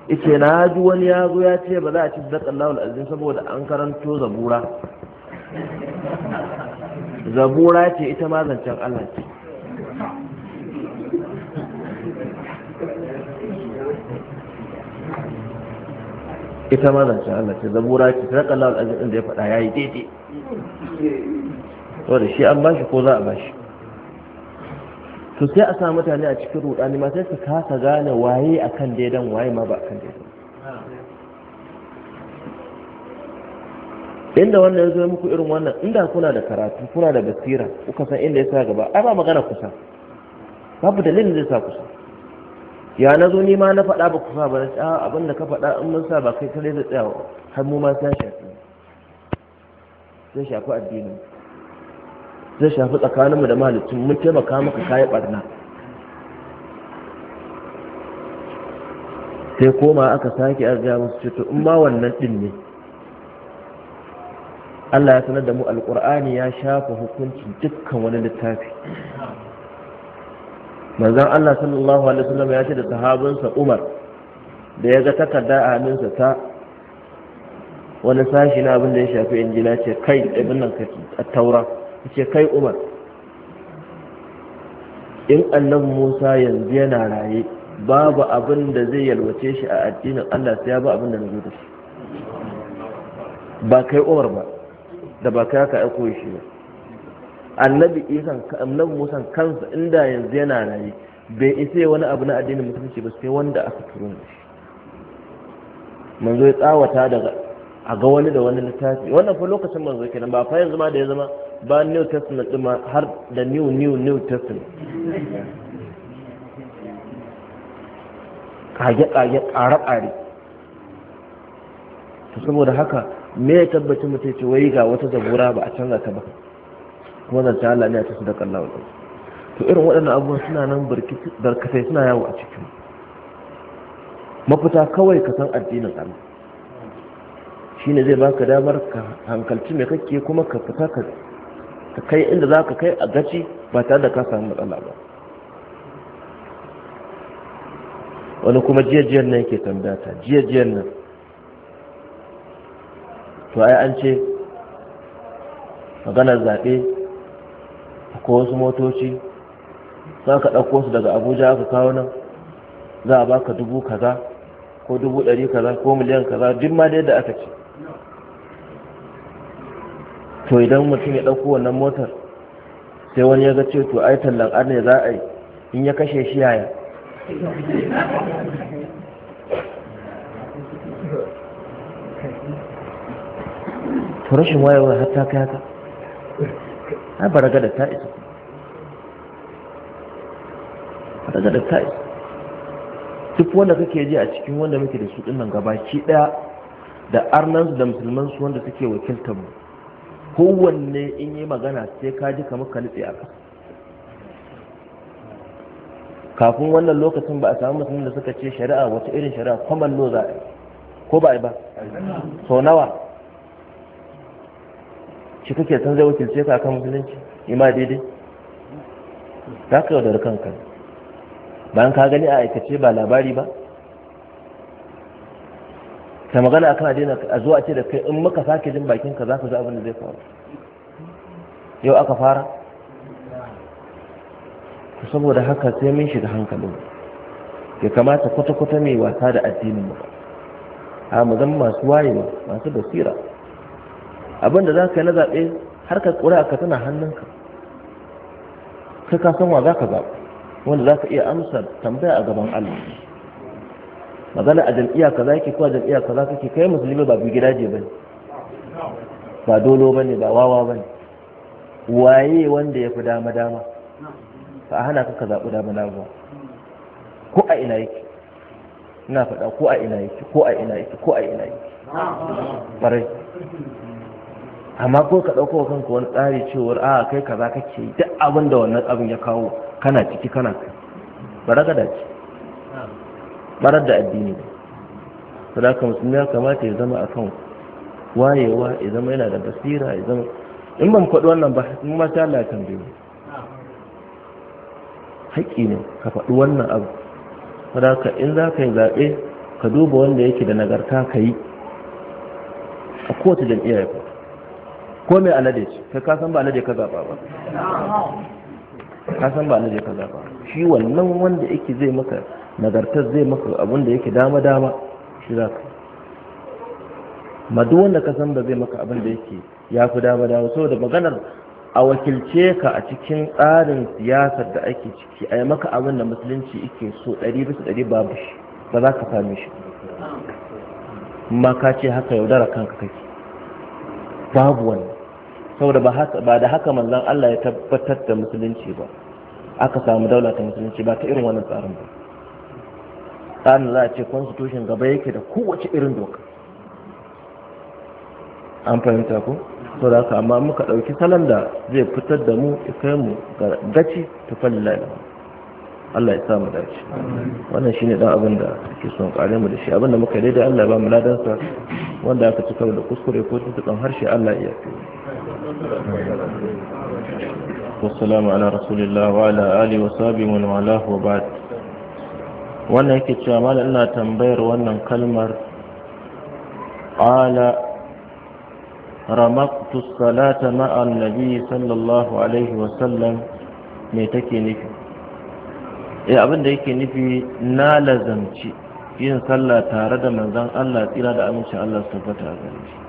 Speaker 1: ike na ji wani ya zo ya ce ba za a ci da tsallawar azin saboda an karanto zabura zabura ce ita ma zancen Allah ce ita ma zance Allah ce zabura ce ta kallon al'azirin da ya faɗa ya yi daidai da shi an bashi ko za a bashi to sai a sa mutane a cikin rudani ma sai su kasa gane waye akan daidan waye ma ba akan daidan inda wannan ya zo muku irin wannan inda kuna da karatu kuna da basira kuka san inda ya sa gaba ai ba magana kusa babu dalilin zai sa kusa ya na zo nima na faɗa ba kusa ba a ah, abin da ka faɗa in mun sa ba kai kare da tsayawa har mu ma sai shafi sai shafi addinin zai shafi tsakaninmu da malicin mun taimaka maka kayi barna sai koma aka sake a gaya musu ceto in ma wannan ɗin ne Allah ya sanar da mu alƙur'ani ya shafa hukuncin dukkan wani littafi manzon Allah sallallahu alaihi wasallam ya ce da sahabinsa Umar da ya ga takarda a hannunsa ta wani sashi na abin da ya shafi injila ce kai abin nan kake a taura ce kai Umar in annabi Musa yanzu yana raye babu abin da zai yalwace shi a addinin Allah sai ya ba abin da na zo da shi ba kai Umar ba da ba kai ka aiko shi ba annabi isan annabi musan kansa inda yanzu yana rayi bai isa wani abu na addinin musulunci ba sai wanda aka turo shi manzo ya tsawata daga a ga wani da wani littafi wannan fa lokacin manzo kenan ba fa yanzu ma da ya zama ba new testament din ma har da new new new testament kage kage ƙare ƙare to saboda haka me ya tabbacin mutum ce wai ga wata zabura ba a canza ta ba kuma ta Allah ne a tasu da kallon wani to irin waɗannan abubuwan suna nan barkatai suna yawo a cikin mafita kawai ka san addinin Allah ne zai baka damar ka hankalci me kake kuma ka fita ka kai inda za ka kai a gaci ba tare da ka samu matsala ba wani kuma jiyajiyar nan yake tambata jiyajiyar nan to ai an ce maganar zaɓe ko wasu motoci za ka ɗauko su daga abuja aka kawo nan za a baka dubu kaza ko dubu ɗari kaza ko miliyan kaza duk ma da yadda aka ce to idan mutum ya ɗauko wannan motar sai wani ya ga ce to ai tallan arne za a yi in ya kashe shi yaya to rashin wayewa har ta kai haka ai baraga da ta isa baraga da ta isa duk wanda kake ji a cikin wanda muke da su gaba ki daya da arnansu da musulmansu wanda suke wakiltar mu kowanne in yi magana sai ka ji kamar ka nutse a kafin wannan lokacin ba a samu musulmi da suka ce shari'a wata irin shari'a kuma za a ko ba a yi ba sau nawa shi kake san zai wakilce ka kan musulunci ima daidai za ka yaudar kanka bayan ka gani a aikace ba labari ba ta magana akan adina a zuwa ce da kai in muka sake jin bakin ka za ka zo abin da zai faru yau aka fara ku saboda haka sai mun shiga hankalin ya kamata kwata-kwata mai wasa da addinin mu ba a mazan masu wayewa masu basira abin da za ka yi na zaɓe har ka ƙura ka tana hannunka kai ka san wa za ka zaɓa wanda za ka iya amsa tambaya a gaban Allah magana a jam'iyya kaza yake ko a jam'iyya kaza kake kai musulmi ba bi gidaje ba ne ba dolo ba ne ba wawa ba ne waye wanda ya fi dama dama ba a hana ka ka zaɓi dama dama ko a ina yake ina faɗa ko a ina yake ko a ina yake ko a ina yake ɓarai amma ko ka ɗauko kanka wani tsari cewar a kai ka za kake yi duk abin da wannan abin ya kawo kana ciki kana kai bara ga ce barar da addini ne sadaka musulmi ya kamata ya zama akan wayewa ya zama yana da basira ya zama in ban faɗi wannan ba in ma sha Allah kan biyu haƙƙi ne ka faɗi wannan abu sadaka in za ka yi zaɓe ka duba wanda yake da nagarta ka yi a kowace jam'iyya ya ko mai alade ce ka san ba alade ka zaba ba ka san ba alade ka zaba shi wannan wanda yake zai maka nagartar zai maka abin da yake dama dama shi za ka madu wanda ka san ba zai maka abin da yake ya fi dama dama saboda maganar a wakilce ka a cikin tsarin siyasar da ake ciki a yi maka abin da musulunci yake so ɗari bisa ɗari babu shi ba za ka same shi ma ka ce haka yaudara kanka kake babu wani saboda ba da haka manzon Allah ya tabbatar da musulunci ba aka samu daula ta musulunci ba ta irin wannan tsarin ba tsarin za a ce constitution gaba yake da kowace irin doka an fahimta ko to da amma muka ɗauki salon da zai fitar da mu kai mu ga gaci ta falli Allah ya samu dace wannan shine dan abin da ke son kare mu da shi abin da muka da Allah ya ba mu ladansa wanda aka ci da kuskure ko tuntuɓen harshe Allah ya yafe والسلام على رسول الله وعلى آله وصحبه ومن والاه وبعد wannan yake cewa mala ina tambayar wannan kalmar qala ramaktu salata ma'a annabi sallallahu alaihi wa sallam me take nufi eh abin da yake nufi na lazamci yin sallah tare da manzon Allah tsira da amincin Allah su tabbata a shi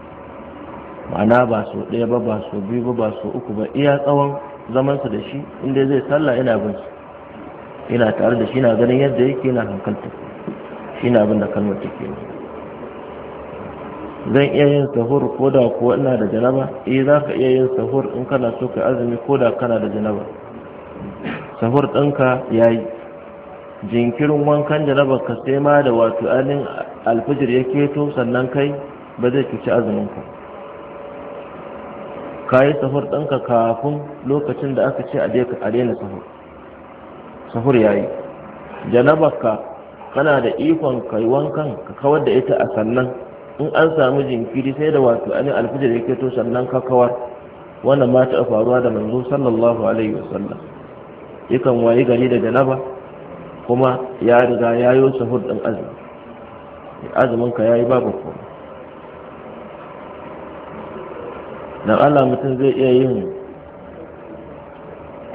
Speaker 1: ma'ana ba so ɗaya ba ba so biyu ba ba so uku ba iya tsawon zamansa da shi inda zai sallah ina bin su ina tare da shi na ganin yadda yake na hankalta shi na abin da kalmar take ne zan iya yin sahur ko da ko ina da janaba eh za ka iya yin sahur in kana so ka azumi ko da kana da janaba sahur ɗinka ya yi jinkirin wankan janaba ka sai ma da wato ainihin alfijir ya keto sannan kai ba zai cuci azumin ka ka yi sahur ɗinka kafin lokacin da aka ce a daina sahur sahur ya yi janabarka kana da ikon kai wankan ka kawar da ita a sannan in an samu jinkiri sai da wato ainihin alfijir ya keto sannan ka kawar wannan ma ta faruwa da manzo sallallahu alaihi wasallam yakan wayi gari da janaba kuma ya riga ya yi sahur din azumi azumin ka ya babu komai dan Allah mutum zai iya yin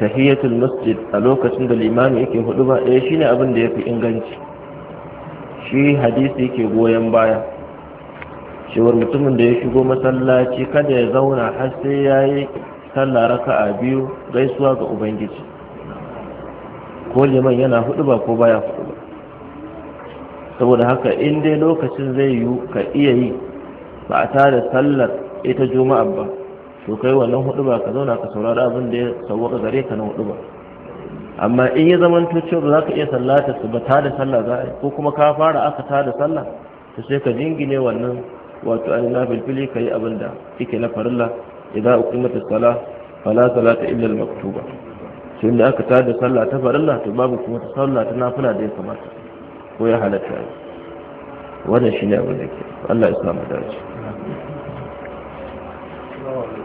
Speaker 1: tahiyatul masjid a lokacin da limami yake hudu ba eh shine abin da yafi inganci shi hadisi yake goyon baya cewar mutumin da ya shigo masallaci kada ya zauna har sai ya yi sallah raka'a biyu gaisuwa ga ubangiji ko liman yana hudu ba ko baya hudu ba saboda haka in dai lokacin zai yiwu ka iya yi ba a tada sallar ita juma'a ba to kai wannan hudu ba ka zauna ka saurari abin da ya sauwaka gare ka na hudu ba amma in ya zama to cewa za ka iya sallata su ba ta da sallah za a ko kuma ka fara aka ta da sallah to sai ka jingine wannan wato an na filfili ka yi abin da yake na farilla idza uqimat as-salah fala salata illa al-maktuba to inda aka ta da sallah ta farilla to babu kuma ta sallah ta nafila da ya kamata ko ya halatta wannan ne abin da ke Allah ya samu dace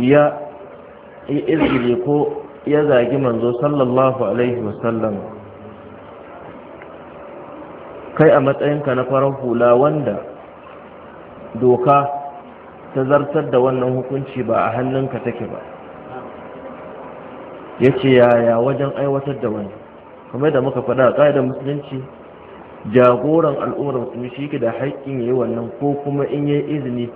Speaker 1: ya yi izgile ko ya zagi manzo sallallahu alaihi wasallam kai a matsayinka na farar hula wanda doka ta zartar da wannan hukunci ba a hannunka take ba ya ce yaya wajen aiwatar da wani Kuma da muka fada a ƙa'idar musulunci jagoran al'ummar musulmi shi ke da haƙƙin yi wannan ko kuma in yi izini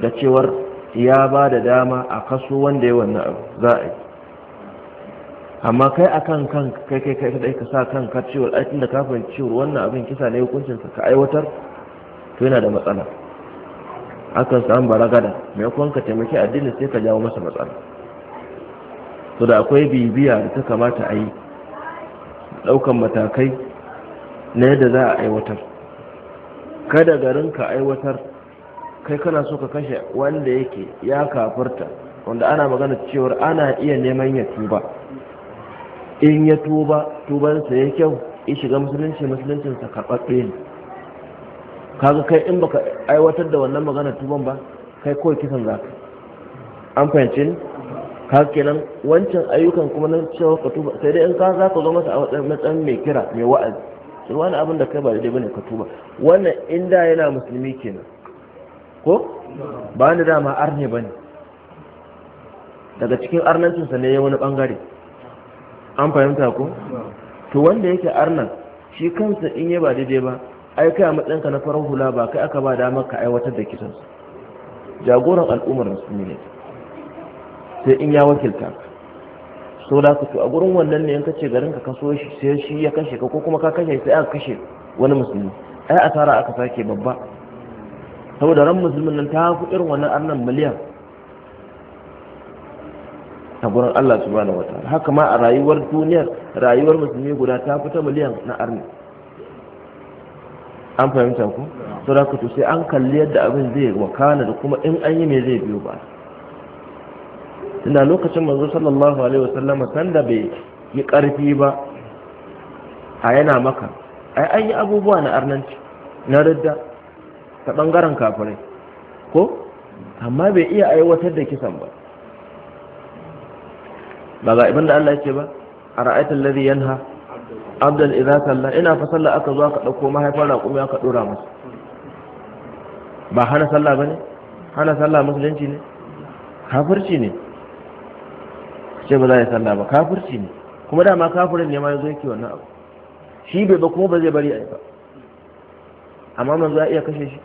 Speaker 1: da cewar ya ba da dama a kaso wanda ya wannan abu za a yi amma kai a kan kan kai kai kai kai ka sa kan ka cewar aikin da kafin cewar wannan abin kisa ne hukuncin ka aiwatar to yana da matsala akan samu baragada mai kwan ka taimaki addini sai ka jawo masa matsala to da akwai bibiya da ta kamata a yi daukan matakai na yadda za a aiwatar kada garin ka aiwatar kai kana so ka kashe wanda yake ya kafurta, wanda ana magana cewar ana iya neman ya tuba in ya tuba tubansa ya kyau in shiga musulunci musuluncinsa karɓaɓɓe ne kaga kai in baka aiwatar da wannan magana tuban ba kai kawai kisan za ka an fahimci ne kaga kenan wancan ayyukan kuma na cewa ka tuba sai dai in ka za ka zo masa a matsayin mai kira mai wa'azi sai wani abin da kai ba daidai bane ka tuba wannan in da yana musulmi kenan ko ba wanda dama ne ba ne daga cikin arnancinsa ne ya wani bangare an fahimta ko to wanda yake arnan shi kansa in yi ba daidai ba ai kai a matsayinka na farar hula ba kai aka ba damar ka aiwatar da kisan jagoran al'ummar musulmi ne sai in ya wakilta so da ku a gurin wannan ne in ka ce garin ka kaso shi sai shi ya kashe ka ko kuma ka kashe sai aka kashe wani musulmi ai asara aka sake babba saboda ran musulmin nan ta haku irin wannan arnan miliyan a gurin Allah subhanahu wataala haka ma a rayuwar duniyar rayuwar musulmi guda ta fita miliyan na arni an fahimta ku saboda to sai an kalli yadda abin zai wakana da kuma in an yi me zai biyo ba tunda lokacin manzo sallallahu alaihi wasallam sanda bai yi karfi ba a yana maka ai an yi abubuwa na arnanci na ridda ta bangaren kafirai ko amma bai iya aiwatar da kisan ba ba ga ibin da Allah ce ba a ra'aitar lari yanha abdal idza sallah, ina fa sallah aka zo ka dauko mahaifar raƙumi aka dora musu. ba hana sallah bane hana sallah musulunci ne kafirci ne ce ba za yi sallah ba kafirci ne kuma dama kafirin ne ma ya zo yake wannan abu shi bai ba kuma ba zai bari a yi ba amma manzo ya iya kashe shi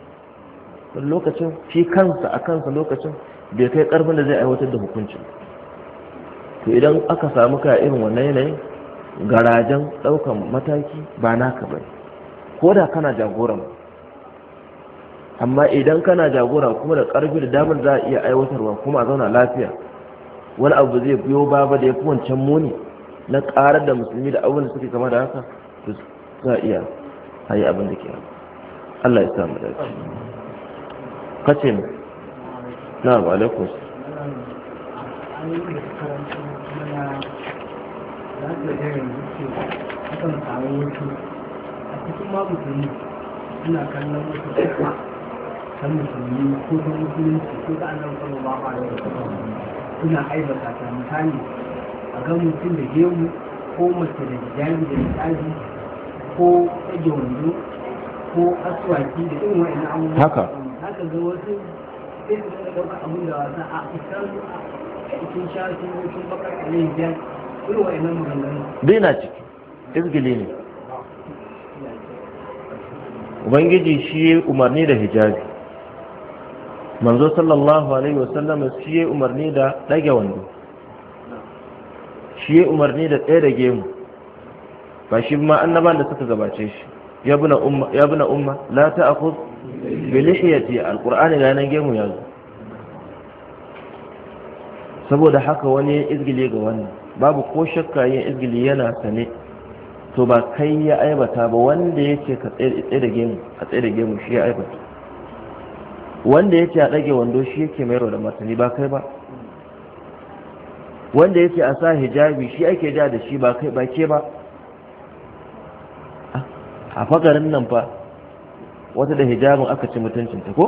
Speaker 1: lokacin shi kansa a kansa lokacin bai kai karfin da zai aiwatar da hukuncin to idan aka samu ka irin wannan yanayin garajen daukan mataki ba naka bane ko da kana jagora amma idan kana jagora kuma da karfi da damar za a iya aiwatarwa kuma a zauna lafiya wani abu zai biyo baba da ya fi wancan muni na karar da musulmi da abin da suke kama da haka za a iya a yi abin da ke Allah ya samu dace kace mu na ba alaikum
Speaker 2: ina kallon kan ko musulunci ko suna aibata ta misali a ga mutum da gemu ko mace da hijabi da ko tsage wando ko aswaki da irin abubuwa aka zo wasu a
Speaker 1: na ciki izgili ubangiji shi ya umarni da hijabi manzo sallallahu alaihi wasallam shi ya umarni da ɗage wando shi ya umarni da tsaye da gemu ba shi ma annaban da suka gabace shi ya na umma la ta akus bilihiyati alkur'ani na nan gemu ya zo saboda haka wani ya izgile ga wannan babu ko shakka yin izgili yana sane to ba kai ya aibata ba wanda ya ce ka tsaye da gemu shi ya aibata wanda ya ce a ɗage wando shi yake mai da martani ba kai ba wanda ya ce a sa hijabi shi ake ja da shi ba kai ba ke ba a fagarin nan fa wata da hijabin aka ci mutuncinta ko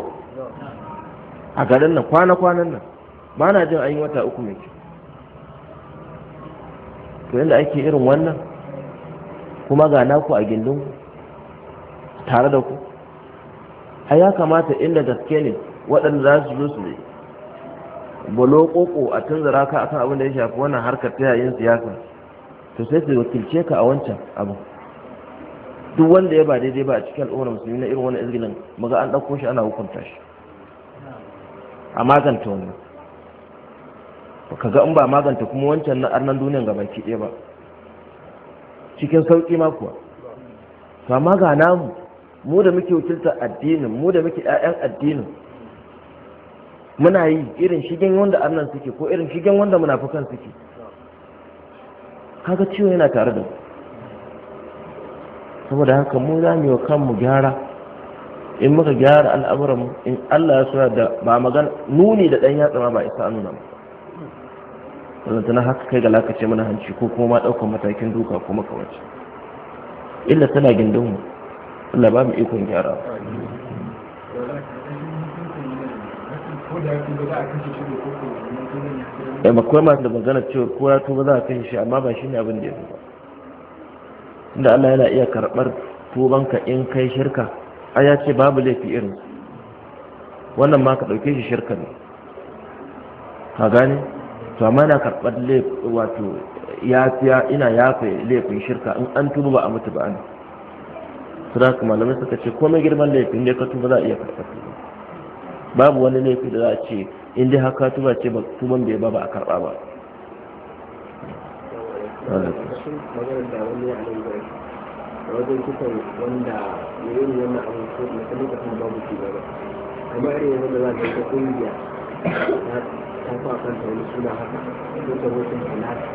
Speaker 1: a garin nan kwana-kwanan nan ba na jin an yi wata uku mai kyau to yadda ake irin wannan kuma ga naku a gindin tare da ku a ya kamata inda gaske ne waɗanda za su zo su ne bolo koko a zara ka akan abin da ya shafi wannan harkar ta yayin siyasa to sai su wakilce ka a wancan abin duk wanda ya ba daidai ba a cikin al'ummar musulmi na irin wani izgilin muga an ɗauko shi ana hukunta shi a maganta wani ka ga in ba maganta kuma wancan na arnan duniyan gaba ki ɗaya ba cikin sauƙi ma kuwa to amma ga namu mu da muke wakiltar addinin mu da muke ƴaƴan addinin muna yi irin shigen wanda arnan suke ko irin shigen wanda munafukan suke kaga ciwo yana tare da mu saboda haka mu za mu yi wa kanmu gyara in muka gyara al'amuranmu in Allah ya suna da ba magana nuni da ɗan yatsa ma ba isa nuna ba sannan na haka kai ga lakace mana hanci ko kuma ma ɗaukar matakin duka ko makawaci illa tana gindin mu Allah ba mu ikon gyara ba akwai masu da magana cewa ko ya tuba za a kashe shi amma ba shi ne abin da ya fi ba inda Allah yana iya karɓar tubanka in kai shirka a ya ce babu laifi irin wannan ma ka ɗauke shi shirka ne ka gane to amma yana karɓar wato ya fiya ina yafe laifin shirka in an tuba ba a mutu ba an. suna ka malamai suka ce komai girman laifin ne ka tuba za a iya karɓar babu wani laifi da za a ce in dai haka tuba ce ba tuban bai ba ba a karɓa ba.
Speaker 2: wajen kusan wanda yayin yi wannan abu ko da ta lokacin babu ci gaba kamar irin wanda za ta ta kungiya ta fa kan ta wani suna haka ko ta wata halata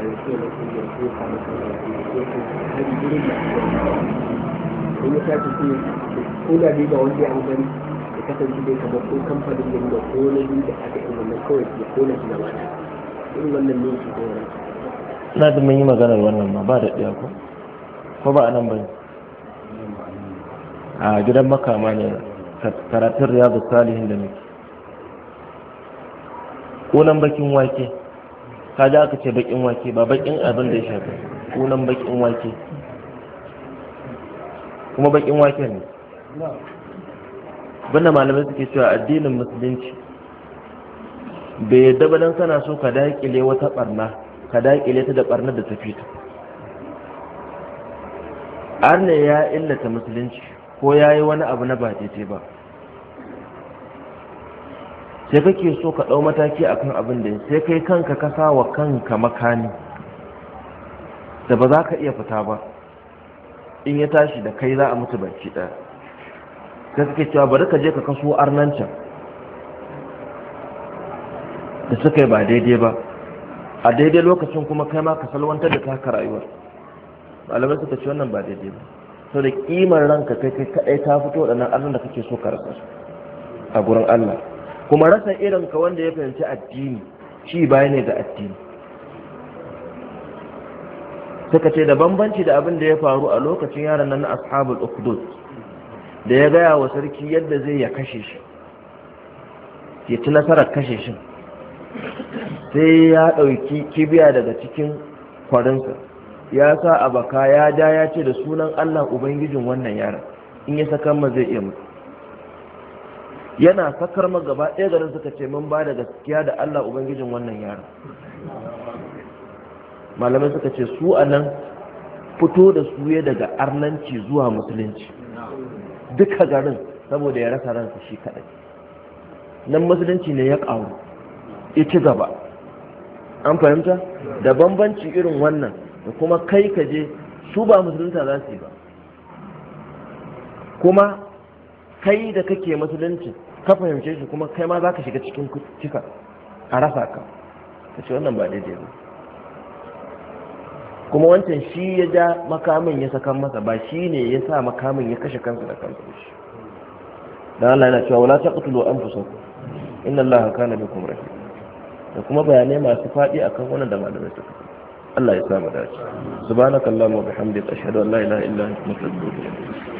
Speaker 2: da ya ce na kungiya ko ta da kan da ko ta hari irin da ake yi in ya tashi ce ko da bai ba wanda ya an gani ya kasance dai kamar ko kamfanin da ko na biyu da aka yi wannan kawai ko na shi gaba ɗaya irin wannan ne shi ko wani.
Speaker 1: Na da mun yi maganar wannan ma ba da ɗaya ko? ko ba anan nan ba a gidan makama ne karatun riyadu salihin da muke kunan bakin wake ka ji aka ce bakin wake ba bakin abin da ya shafi kunan bakin wake kuma bakin wake ne banda malamai suke cewa addinin musulunci bai yadda ba don kana so ka daƙile wata ɓarna, ka daƙile ta da ɓarnar da ta fito arne ya illata musulunci ko ya yi wani abu na ba daidai ba sai kake so ka ɗau mataki akan abin da sai kai kanka ka wa kanka makani da ba za ka iya fita ba in ya tashi da kai za a mutu baki ɗaya sai suke cewa bari ka je ka kaso arnancan da suka yi ba daidai ba a daidai lokacin kuma kai ma ka salwantar da taka rayuwar malamai suka ce wannan ba daidai ba sau da kimar ranka kai kai kadai ta fito waɗannan abin da kake so ka rasa su a gurin Allah kuma rasa irinka wanda ya fahimci addini shi baya ne da addini suka ce da bambanci da abin da ya faru a lokacin yaran nan na ashabul ukhdud da ya gaya wa sarki yadda zai ya kashe shi ya ci nasarar kashe shi sai ya ɗauki kibiya daga cikin kwarinsa ya sa a baka ya da ya ce da sunan Allah ubangijin wannan yaran, in ya saka ma zai iya mutu yana sakar ma gaba ɗaya garin suka ce mun ba da gaskiya da Allah ubangijin wannan yaran. malamai suka ce su a nan fito da su ya daga arnanci zuwa musulunci duka garin saboda ya rasa ransa shi kaɗai nan musulunci ne ya ƙaru ya ci gaba an fahimta da bambanci irin wannan da kuma kai ka je su ba musulunta za su yi ba kuma kai da kake musulunci ka fahimce shi kuma kai ma za ka shiga cikin cika a rasa ka ta ce wannan ba daidai ba kuma wancan shi ya ja makamin ya saka masa ba shi ne ya sa makamin ya kashe kansa da kansa shi dan Allah yana cewa wala taqtulu anfusakum inna Allah kana bikum rahim da kuma bayanai masu faɗi akan wannan da malamai suka Allah ya samu dace subhanakallahumma wa bihamdika ashhadu an la ilaha illa anta astaghfiruka wa atubu